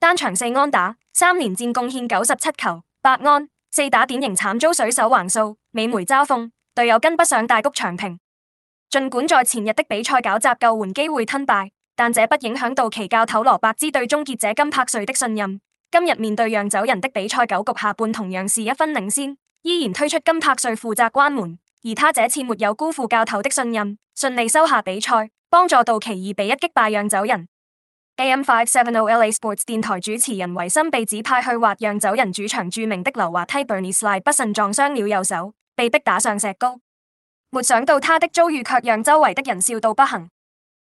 單場四安打，三連戰貢獻九十七球，八安四打，典型慘遭水手橫掃。美媒嘲諷，隊友跟不上，大谷翔平。儘管在前日的比賽搞砸救援機會吞敗，但這不影響道奇教頭羅伯茲對終結者金柏瑞的信任。今日面對釀酒人的比賽，九局下半同樣是一分領先，依然推出金柏瑞負責關門，而他這次沒有辜負教頭的信任，順利收下比賽，幫助道奇二比一擊敗釀酒人。AM 570 LA Sports 電台主持人維森被指派去滑釀酒人主場著名的溜滑梯 Bernie Slide，不慎撞傷了右手，被迫打上石膏。沒想到他的遭遇卻讓周圍的人笑到不行。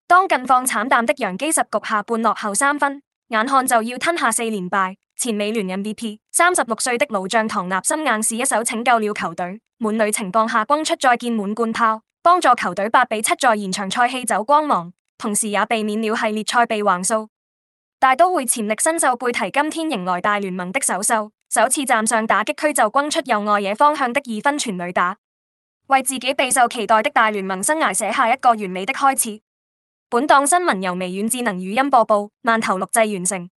當近況慘淡的洋基十局下半落後三分，眼看就要吞下四連敗，前美聯 MVP 三十六歲的老將唐納森硬是一手拯救了球隊。滿壘情況下轟出再見滿貫炮，幫助球隊八比七在延長賽氣走光芒。同時也避免了系列賽被橫掃。大都會潛力新秀貝堤今天迎來大聯盟的首秀，首次站上打擊區就轟出右外野方向的二分全壘打，為自己備受期待的大聯盟生涯寫下一個完美的開始。本檔新聞由微軟智能語音播報，萬頭錄製完成。